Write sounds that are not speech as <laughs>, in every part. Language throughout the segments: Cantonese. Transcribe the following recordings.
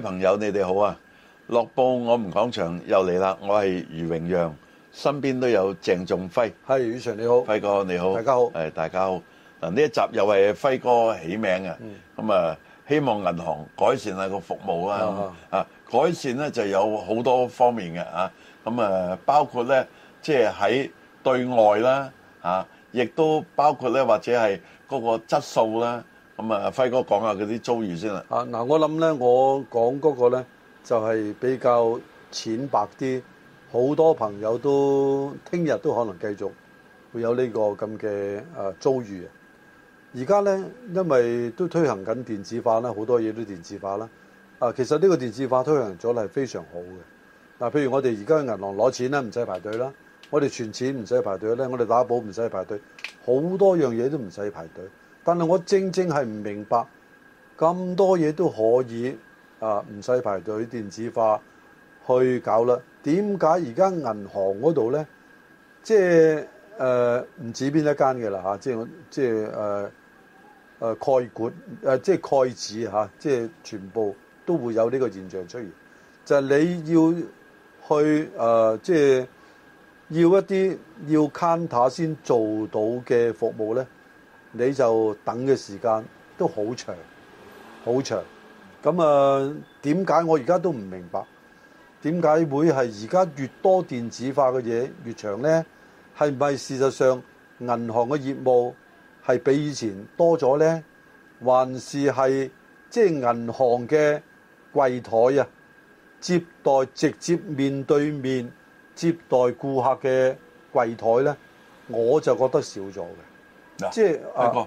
朋友，你哋好啊！樂報我們講場又嚟啦。我係余榮讓，身邊都有鄭仲輝。係宇常你好，輝哥你好，大家好，誒，大家好。嗱，呢一集又係輝哥起名啊。咁啊，希望銀行改善下個服務啊。啊，改善咧就有好多方面嘅啊。咁啊，包括咧，即係喺對外啦，啊，亦都包括咧，或者係嗰個質素啦。咁啊，輝哥講下佢啲遭遇先啦。啊，嗱，我諗咧，我講嗰個咧就係比較淺白啲，好多朋友都聽日都可能繼續會有呢個咁嘅誒遭遇。而家咧，因為都推行緊電子化啦，好多嘢都電子化啦。啊，其實呢個電子化推行咗係非常好嘅。嗱，譬如我哋而家去銀行攞錢咧，唔使排隊啦；我哋存錢唔使排隊咧，我哋打簿唔使排隊，好多樣嘢都唔使排隊。但係我正正係唔明白，咁多嘢都可以啊，唔使排隊電子化去搞啦。點解而家銀行嗰度咧，即係誒唔止邊一間嘅啦嚇？即係即係誒誒蓋管誒，即係蓋子嚇，即係全部都會有呢個現象出現。就係你要去誒，即係要一啲要 counter 先做到嘅服務咧。你就等嘅時間都好長，好長。咁啊，點解我而家都唔明白？點解會係而家越多電子化嘅嘢越長呢？係唔係事實上銀行嘅業務係比以前多咗呢？還是係即係銀行嘅櫃台啊？接待直接面對面接待顧客嘅櫃台呢？我就覺得少咗嘅。即係阿哥，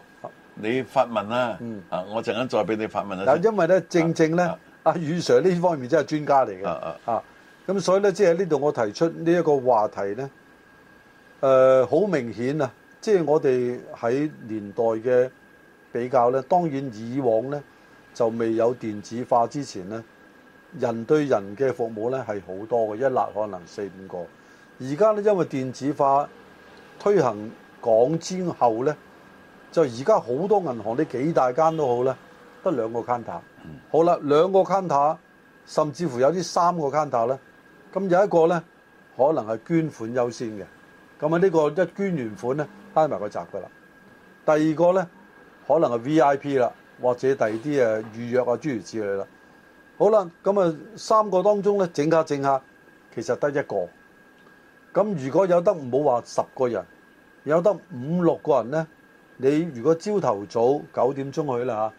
你發問啦，啊。嗯，啊，我陣間再俾你發問啦。嗱，因為咧，正正咧，阿、啊、余、啊、Sir 呢方面真係專家嚟嘅。啊咁、啊啊、所以咧，即係呢度我提出呢一個話題咧，誒、呃，好明顯啊！即係我哋喺年代嘅比較咧，當然以往咧就未有電子化之前咧，人對人嘅服務咧係好多嘅，一立可能四五個。而家咧，因為電子化推行港之後咧，就而家好多銀行，呢幾大間都好咧，得兩個 counter。好啦，兩個 counter，甚至乎有啲三個 counter 咧。咁有一個咧，可能係捐款優先嘅。咁啊，呢個一捐完款咧，閂埋個閘噶啦。第二個咧，可能係 VIP 啦，或者第二啲誒預約啊諸如此類啦。好啦，咁啊三個當中咧，整下整下，其實得一個。咁如果有得，唔好話十個人，有得五六個人咧。你如果朝頭早九點鐘去啦嚇，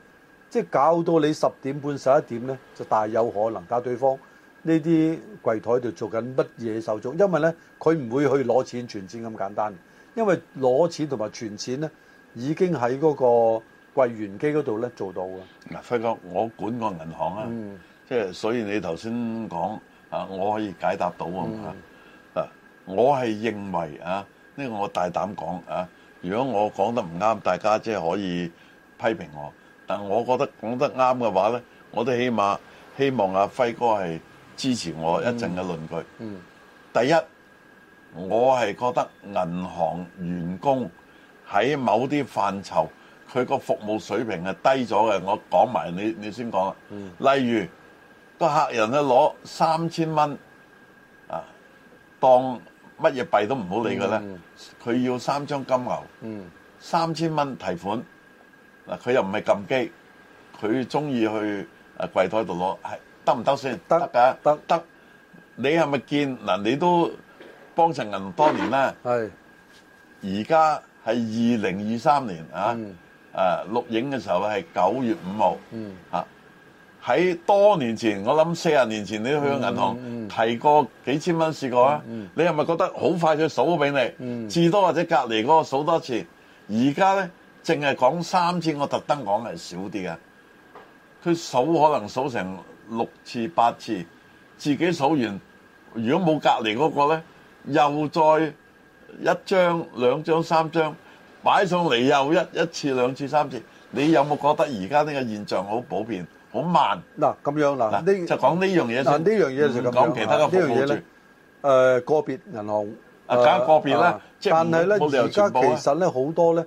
即係搞到你十點半十一點咧，就大有可能搞對方呢啲櫃台度做緊乜嘢手續。因為咧佢唔會去攞錢存錢咁簡單，因為攞錢同埋存錢咧已經喺嗰個櫃員機嗰度咧做到㗎。嗱輝哥，我管個銀行啊，嗯、即係所以你頭先講啊，我可以解答到啊，嗯、啊我係認為啊，呢、呢個我大膽講啊。如果我講得唔啱，大家即係可以批評我。但我覺得講得啱嘅話呢，我都起碼希望阿輝哥係支持我一陣嘅論據。嗯嗯。第一，我係覺得銀行員工喺某啲範疇，佢個服務水平係低咗嘅。我講埋你，你先講啦。例如個客人咧攞三千蚊啊，當。乜嘢幣都唔好理佢咧，佢要三張金牛，三千蚊提款嗱，佢又唔係撳機，佢中意去啊櫃台度攞，係得唔得先？得㗎，得得、啊，你係咪見嗱？你都幫襯銀行多年啦，係、嗯，而家係二零二三年啊，啊，錄影嘅時候係九月五號，嗯喺多年前，我諗四十年前，你去過銀行提過幾千蚊試過啊？你係咪覺得好快就數俾你？至多或者隔離嗰個數多次。而家呢，淨係講三次。我特登講係少啲嘅。佢數可能數成六次八次，自己數完，如果冇隔離嗰個呢，又再一張兩張三張擺上嚟，又一一次兩次三次。你有冇覺得而家呢個現象好普遍？好慢嗱，咁樣嗱，呢就講呢樣嘢先，唔講其他嘅服務住。誒個別銀行啊，講個別啦。但係咧，而家其實咧好多咧，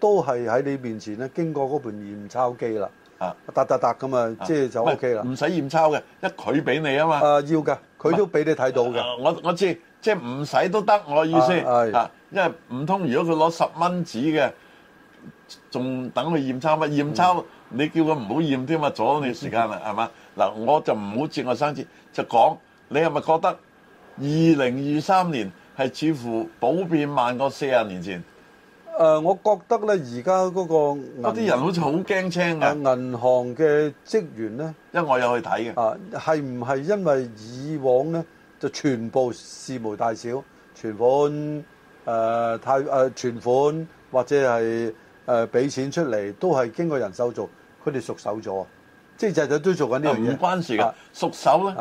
都係喺你面前咧，經過嗰盤驗鈔機啦。啊，嗒嗒嗒咁啊，即係就 OK 啦，唔使驗鈔嘅，一佢俾你啊嘛。啊，要㗎，佢都俾你睇到㗎。我我知，即係唔使都得。我意思係啊，因為唔通如果佢攞十蚊紙嘅，仲等佢驗鈔乜？驗鈔？你叫佢唔好驗添啊，阻你時間啦，係嘛？嗱，我就唔好節外生枝，就講你係咪覺得二零二三年係似乎普遍慢過四十年前？誒、呃，我覺得咧，而家嗰個嗰啲人好似好驚青嘅、呃、銀行嘅職員咧，因為我有去睇嘅啊，係唔係因為以往咧就全部事無大小，存款誒貸誒存款或者係誒俾錢出嚟都係經過人手做？佢哋熟手咗，啊，即係就就都做緊呢啲唔關事嘅熟手咧。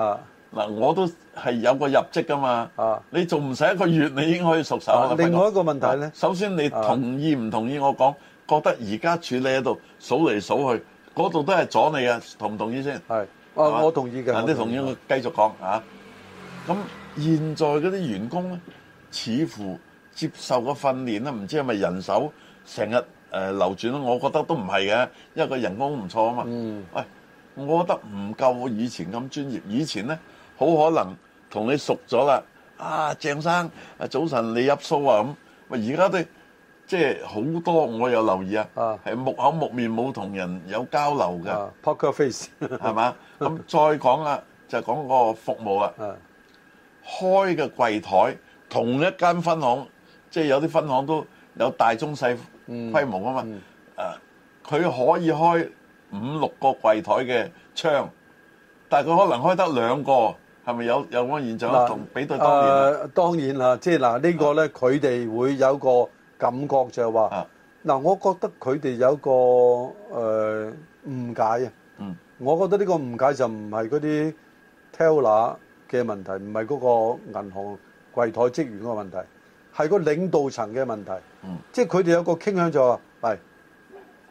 嗱、啊，我都係有個入職噶嘛。啊、你仲唔使一個月，你已經可以熟手啦、啊。另外一個問題咧，首先你同意唔同意我講、啊？覺得而家處理喺度數嚟數去，嗰度都係阻你啊？同唔同意先？係，啊，我同意嘅。你同意我繼續講啊？咁現在嗰啲員工咧，似乎接受個訓練咧，唔知係咪人手成日？誒、呃、流轉咯，我覺得都唔係嘅，因為個人工唔錯啊嘛。喂、嗯哎，我覺得唔夠我以前咁專業。以前咧，好可能同你熟咗啦。啊，鄭生，早晨你入數啊咁。喂，而家啲即係好多，我有留意啊，係、啊、木口木面，冇同人有交流嘅。啊、Poker face，係嘛？咁 <laughs> 再講啦，就講個服務啊。開嘅櫃台同一間分行，即係有啲分行都有大中細。規模啊嘛，誒，佢可以開五六個櫃台嘅窗，但係佢可能開得兩個，係咪有有咁現象啊？同比對當年啊，當然啦，即係嗱，呢個咧，佢哋會有一個感覺就係話，嗱，我覺得佢哋有一個誒，誤解啊。嗯，我覺得呢個誤解就唔係嗰啲 teller 嘅問題，唔係嗰個銀行櫃台職員嗰個問題。係個領導層嘅問題。嗯，即係佢哋有個傾向就話，是，喂，哎，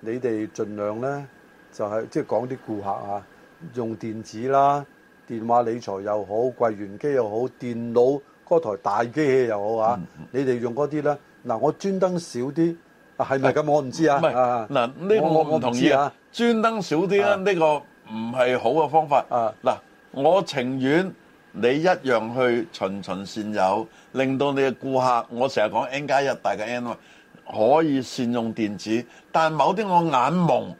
你哋盡量呢，就係即係講啲顧客啊，用電子啦，電話理財又好，櫃員機又好，電腦嗰台大機器又好啊，嗯嗯，你哋用嗰啲咧，嗱我專登少啲，係咪咁？我唔知啊。唔係，嗱呢個我唔同意啊，專登，啊，少啲咧呢個唔係好嘅方法。嗱，啊啊，我情願你一樣去循循善誘。令到你嘅顧客，我成日講 N 加一，大嘅 N 可以善用電子，但某啲我眼矇，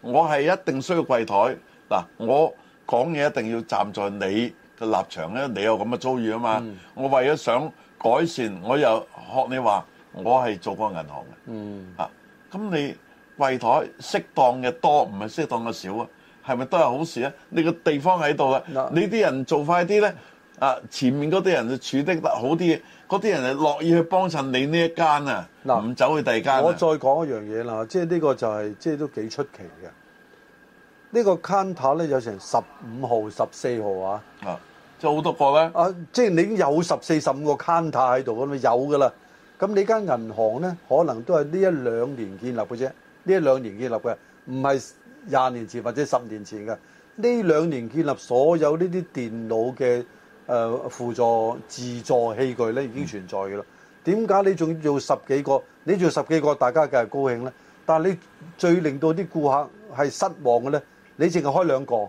我係一定需要櫃台。嗱，我講嘢一定要站在你嘅立場咧，你有咁嘅遭遇啊嘛。嗯、我為咗想改善，我又學你話，我係做過銀行嘅。啊，咁你櫃台適當嘅多，唔係適當嘅少啊，係咪都係好事咧？你個地方喺度啦，你啲人做快啲咧。啊！前面嗰啲人就處得得好啲，嗰啲人係樂意去幫襯你呢一間啊，唔、啊、走去第二間、啊。我再講一樣嘢啦，即係呢個就係、係、即係都幾出奇嘅。呢、呢個 counter 咧有成十五號、十四號啊，啊，即係好多個咧。啊，即係你已經有十四、十五個 counter 喺度咁啊，咪有噶啦。咁你間銀行咧，可能都係呢一兩年建立嘅啫，呢一兩年建立嘅，唔係廿年前或者十年前嘅。呢兩年建立所有呢啲電腦嘅。誒、呃、輔助自助器具咧已經存在嘅啦，點、嗯、解你仲要十幾個？你做十幾個，大家梗係高興呢。但係你最令到啲顧客係失望嘅呢，你淨係開兩個，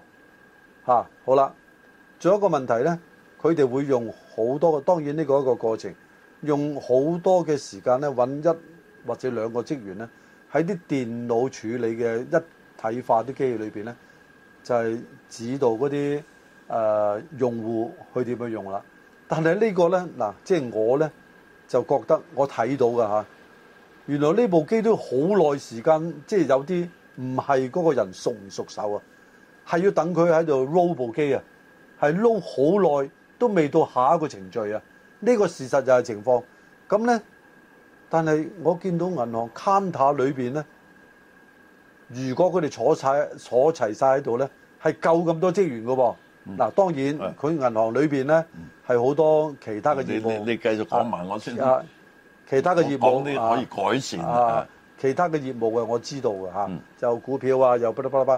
嚇、啊、好啦。仲有一個問題呢，佢哋會用好多個，當然呢個一個過程，用好多嘅時間咧揾一或者兩個職員呢，喺啲電腦處理嘅一體化啲機器裏邊呢，就係、是、指導嗰啲。誒、呃、用戶去點樣用啦、啊？但係呢個咧嗱，即係我咧就覺得我睇到㗎、啊。原來呢部機都好耐時間，即係有啲唔係嗰個人熟唔熟手啊，係要等佢喺度 load 部機啊，係 load 好耐都未到下一個程序啊，呢、這個事實就係情況。咁咧，但係我見到銀行 counter 裏邊咧，如果佢哋坐曬坐齊晒喺度咧，係夠咁多職員㗎喎、啊。嗱、嗯，當然佢、嗯、銀行裏邊咧係好多其他嘅業務。你你繼續講埋我先。啊、其他嘅業務啊，講啲可以改善啊，啊，啊。其他嘅業務嘅我知道嘅嚇、嗯，就股票啊，又巴拉巴拉巴。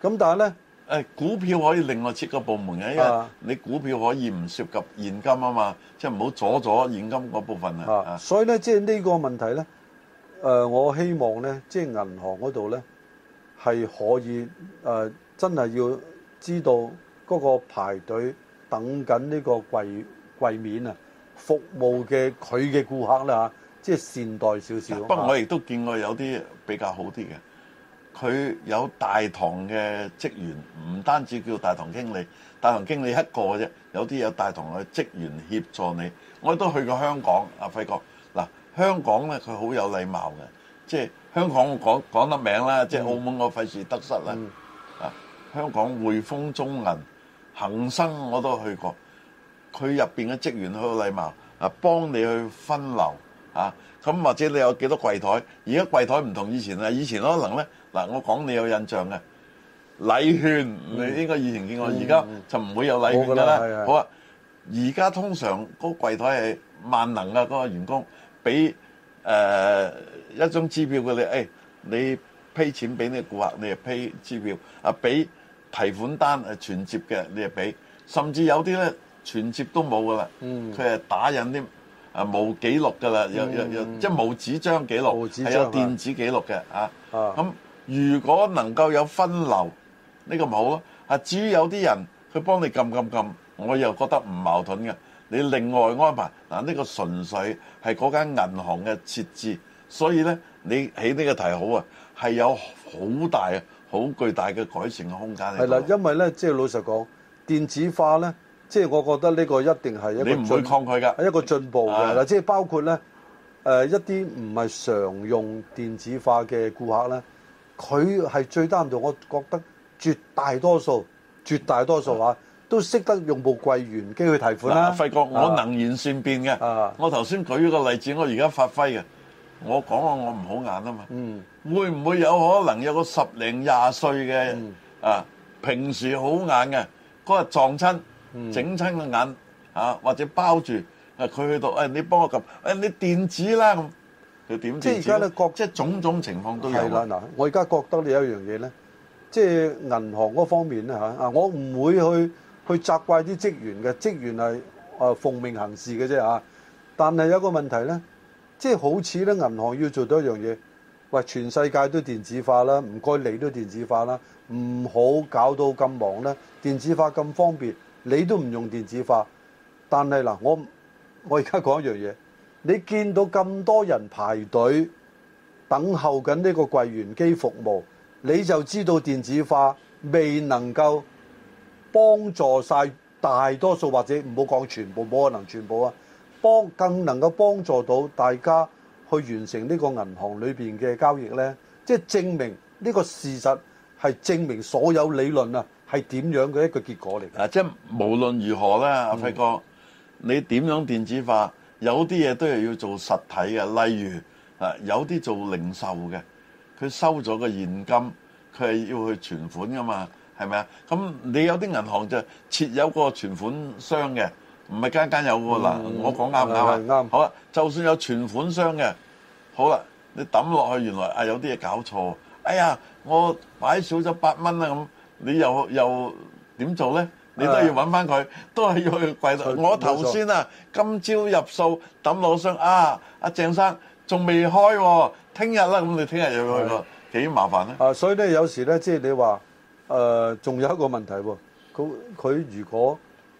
咁但係咧，誒股票可以另外設個部門嘅、啊，因為你股票可以唔涉及現金啊嘛，即係唔好阻咗現金嗰部分啊，啊。所以咧，即係呢個問題咧，誒、呃、我希望咧，即、就、係、是、銀行嗰度咧係可以誒、呃、真係要知道。嗰、個排隊等緊呢個櫃櫃面啊，服務嘅佢嘅顧客咧，即係善待少少啊。不過我亦都見過有啲比較好啲嘅，佢有大堂嘅職員，唔單止叫大堂經理，大堂經理一個啫。有啲有大堂嘅職員協助你。我都去過香港，阿輝哥嗱，香港咧佢好有禮貌嘅，即係香港講講得名啦，即係澳門我費事得得失啦。啊，香港匯豐中銀。恒生我都去過，佢入邊嘅職員好有禮貌，啊幫你去分流，啊咁或者你有幾多櫃台？而家櫃台唔同以前啦，以前可能咧嗱，我講你有印象嘅禮券、嗯，你應該以前見過，而家就唔會有禮券㗎啦。好啊，而家通常嗰個櫃台係萬能嘅嗰、嗰個員工，俾誒、呃、一張支票嘅、哎、你，誒你批錢俾你顧客，你係批支票啊俾。提款單係存摺嘅，你又俾，甚至有啲咧存摺都冇噶啦，佢、嗯、係打印啲啊冇記錄噶啦、嗯，有有即係、就是、無紙張記錄，係有電子記錄嘅啊。咁、啊、如果能夠有分流，呢、呢個咪好咯。啊，至於有啲人佢幫你撳撳撳，我又覺得唔矛盾嘅。你另外安排嗱，呢、呢個純粹係嗰間銀行嘅設置，所以咧你喺呢個題好啊，係有好大，好巨大嘅改善嘅空間嚟。係啦，因為咧，即係老實講，電子化咧，即係我覺得呢個一定係一個進，你唔會抗拒㗎，一個進步嘅、啊、即係包括咧、呃，一啲唔係常用電子化嘅顧客咧，佢係最唔到。我覺得絕大多數，絕大多數嚇、啊、都識得用部櫃員機去提款啦、啊。輝、啊、哥，我能言善辯嘅，我頭先舉個例子，我而家發揮嘅，我講話我唔好眼啊嘛。嗯。會唔會有可能有個十零廿歲嘅啊，平時好眼嘅，嗰日撞親，整親個眼啊，或者包住啊，佢去到誒，你幫我撳，誒，你電子啦咁，你點？即係而家咧，各即係種種情況都有。嗱，我而家覺得咧有一樣嘢咧，即係銀行嗰方面咧吓啊，我唔會去去責怪啲職員嘅，職員係啊奉命行事嘅啫啊，但係有個問題咧，即係好似咧，銀行要做到一樣嘢。喂，全世界都電子化啦，唔該你都電子化啦，唔好搞到咁忙啦。電子化咁方便，你都唔用電子化，但係嗱，我我而家講一樣嘢，你見到咁多人排隊等候緊呢個櫃員機服務，你就知道電子化未能夠幫助晒大多數或者唔好講全部，冇可能全部啊，幫更能夠幫助到大家。去完成呢個銀行裏邊嘅交易咧，即係證明呢個事實係證明所有理論啊係點樣嘅一個結果嚟嘅。啊，即係無論如何咧，阿輝哥，你點樣電子化？有啲嘢都係要做實體嘅，例如啊，有啲做零售嘅，佢收咗個現金，佢係要去存款㗎嘛，係咪啊？咁你有啲銀行就設有個存款箱嘅。唔係間間有喎嗱，嗯，我講啱唔啱？好啦，就算有存款箱嘅，好啦，你抌落去原來啊有啲嘢搞錯，哎呀，我擺少咗八蚊啦咁，你又又點做咧？你都要揾翻佢，都係要去櫃度。我頭先啊，今朝入數抌落箱啊，阿鄭生仲未開喎，聽日啦咁，你聽日又去幾幾麻煩咧？啊，啊啊啊呢，所以咧有時咧，即係你話誒，仲、呃、有一個問題喎，佢佢如果。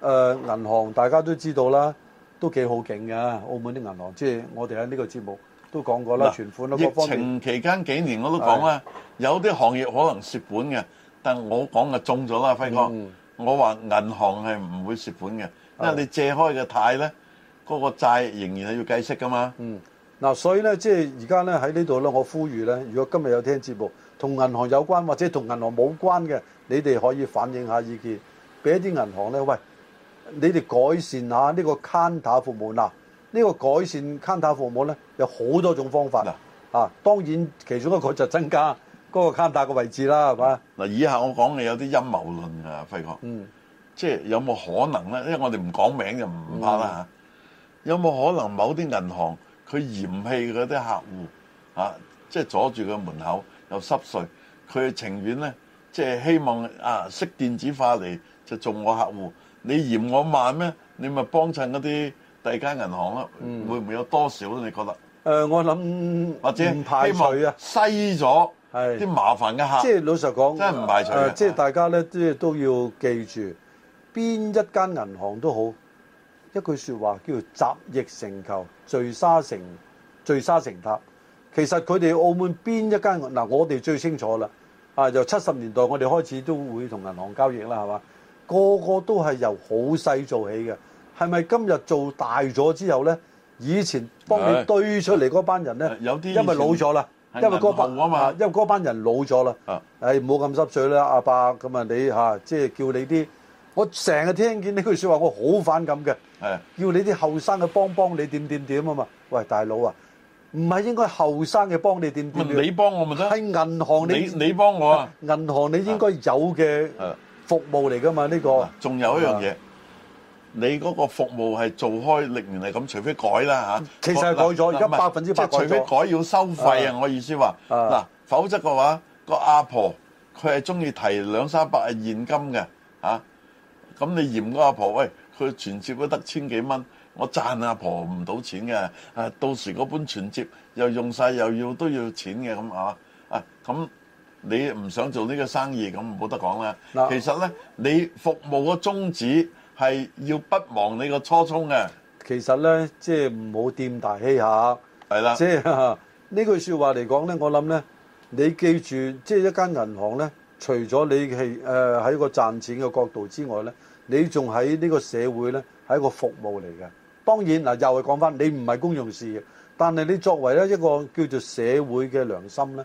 誒、呃，銀行大家都知道啦，都幾好勁嘅。澳門啲銀行，即、就、係、是、我哋喺呢個節目都講過啦，存、啊、款啦。疫情期間幾年我都講啦，有啲行業可能蝕本嘅，但係我講嘅中咗啦，輝哥。嗯、我話銀行係唔會蝕本嘅，因為你借開嘅貸咧，嗰、那個債仍然係要計息噶嘛。嗯，嗱、啊，所以咧，即係而家咧喺呢度咧，我呼籲咧，如果今日有聽節目，同銀行有關或者同銀行冇關嘅，你哋可以反映下意見，俾一啲銀行咧，喂。你哋改善下呢個攤枱服務啦，呢個改善攤枱服務咧有好多種方法啊。當然其中一個就增加嗰個攤枱嘅位置啦，係嘛？嗱，以下我講嘅有啲陰謀論啊，輝哥。嗯，即係有冇可能咧？因為我哋唔講名就唔怕啦嚇、嗯啊。有冇可能某啲銀行佢嫌棄嗰啲客戶啊，即係阻住個門口又濕碎，佢情願咧即係希望啊，識電子化嚟。就做我客戶，你嫌我慢咩？你咪幫襯嗰啲第二間銀行咯、嗯。會唔會有多少咧？你覺得？誒、呃，我諗唔排除啊，篩咗係啲麻煩嘅客。即係、就是、老實講，真係唔排除即、啊、係、就是、大家咧，都都要記住，邊一間銀行都好。一句說話叫做「集腋成裘、聚沙成聚沙成塔」。其實佢哋澳門邊一間嗱，我哋最清楚啦。啊，由七十年代我哋開始都會同銀行交易啦，係嘛？個個都係由好細做起嘅，係咪今日做大咗之後咧？以前幫你堆出嚟嗰班人咧，有啲因為老咗啦，因為嗰班，因為嗰班人老咗啦。唔好咁濕碎啦，阿伯，咁啊你嚇，即係叫你啲，我成日聽見呢句説話，我好反感嘅。誒，要你啲後生嘅幫幫你點點點啊嘛！喂，大佬啊，唔係應該後生嘅幫你點點？你幫我咪得。喺銀行你你幫我啊！銀行你應該有嘅。服務嚟噶嘛呢個？仲有一樣嘢，你嗰個服務係做開，歷年係咁，除非改啦嚇。其實係改咗，而家百分之百改咗。除非改要收費啊！我意思話，嗱，否則嘅話，個阿婆佢係中意提兩三百啊現金嘅啊。咁你嫌個阿婆，喂，佢存摺都得千幾蚊，我賺阿婆唔到錢嘅啊！到時嗰本存摺又用晒，又要都要錢嘅咁啊啊咁。你唔想做呢個生意咁冇得講啦。嗱，其實呢，你服務嘅宗旨係要不忘你個初衷嘅。其實呢，即係唔好店大欺客，係啦，即係呢句說話嚟講呢，我諗呢，你記住，即係一間銀行呢，除咗你係誒喺個賺錢嘅角度之外呢，你仲喺呢個社會呢，係一個服務嚟嘅。當然嗱，又係講翻，你唔係公用事業，但係你作為呢一個叫做社會嘅良心呢。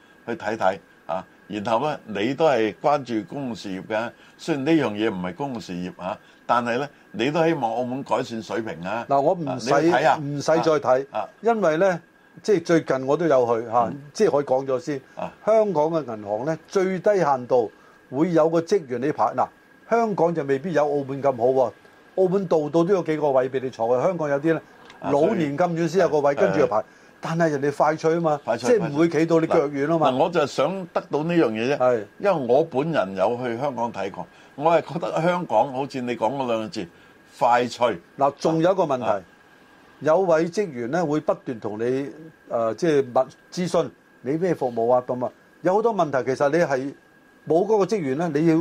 去睇睇啊，然後咧你都係關注公共事業嘅，雖然呢樣嘢唔係公共事業啊，但係咧你都希望澳門改善水平啊。嗱，我唔使唔使再睇，啊，因為咧即係最近我都有去嚇、啊嗯，即係可以講咗先。香港嘅銀行咧最低限度會有個職員你排，嗱、啊、香港就未必有澳門咁好喎。澳門度度都有幾個位俾你坐，香港有啲咧老年咁遠先有個位，跟住又排。啊啊啊但係人哋快脆啊嘛，即係唔會企到你腳軟啊嘛。我就係想得到呢樣嘢啫。係，因為我本人有去香港睇過，我係覺得香港好似你講嗰兩個字快脆。嗱，仲有一個問題，有位職員咧會不斷同你誒、呃，即係問諮詢你咩服務啊咁啊。有好多問題其實你係冇嗰個職員咧，你要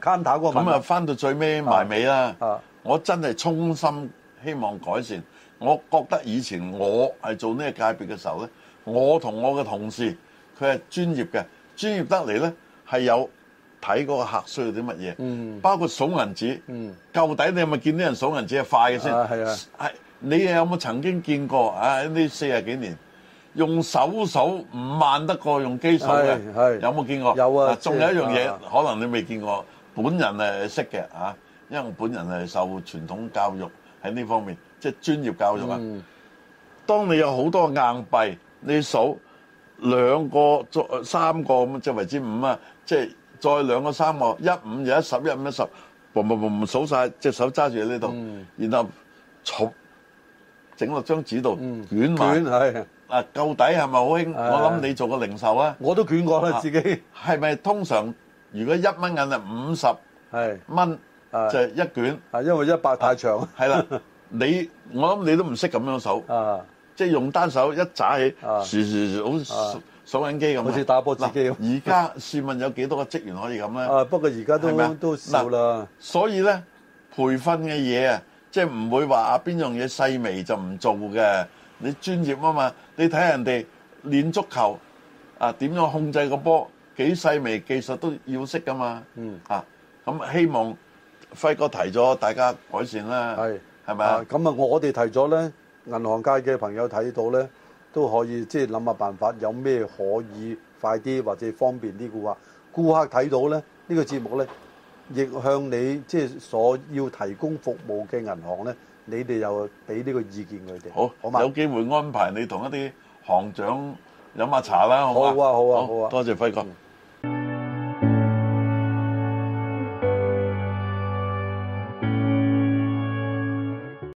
向打攤嗰個問題。咁啊，翻到最尾埋尾啦。啊，我真係衷心希望改善。我覺得以前我係做呢個界別嘅時候咧，我同我嘅同事佢係專業嘅，專業得嚟咧係有睇嗰個客人需要啲乜嘢，嗯，包括數銀紙，嗯，究竟你有冇見啲人數銀紙係快嘅先？係啊，係你有冇曾經見過啊？呢四十幾年用手數唔慢得過用機數嘅，係有冇見過？有啊。仲有一樣嘢，可能你未見過，本人係識嘅啊，因為我本人係受傳統教育喺呢方面。即係專業教育啊、嗯！當你有好多硬幣，你數兩個再三個咁，即係為之五啊！即係再兩個三個一五又一十一五一十，嘣嘣嘣數曬隻手揸住喺呢度，然後重整落張紙度捲埋。係啊，究底係咪好興？我諗你做個零售啊！我都捲過啦，自己係咪通常如果一蚊銀啊，五十蚊就係一卷，啊？因為一百太長，係、啊、啦。是 <laughs> 你我諗你都唔識咁樣數、啊，即係用單手一揸起，好似數數緊機咁。好似打波機咁。而家試問有幾多個職員可以咁咧？啊，不過而家都係係都少啦、啊。所以咧，培訓嘅嘢啊，即係唔會話啊邊樣嘢細微就唔做嘅。你專業啊嘛，你睇人哋練足球啊，點樣控制個波幾細微技術都要識噶嘛。嗯，啊咁希望輝哥提咗大家改善啦。係咪？咁啊，我哋提咗咧，銀行界嘅朋友睇到咧，都可以即係諗下辦法，有咩可以快啲或者方便啲嘅話，顧客睇到咧呢個節目咧，亦向你即係所要提供服務嘅銀行咧，你哋又俾呢個意見佢哋。好，好嘛？有機會安排你同一啲行長飲下茶啦，好好啊，好啊，好啊，好，好啊，好啊！多謝輝哥。嗯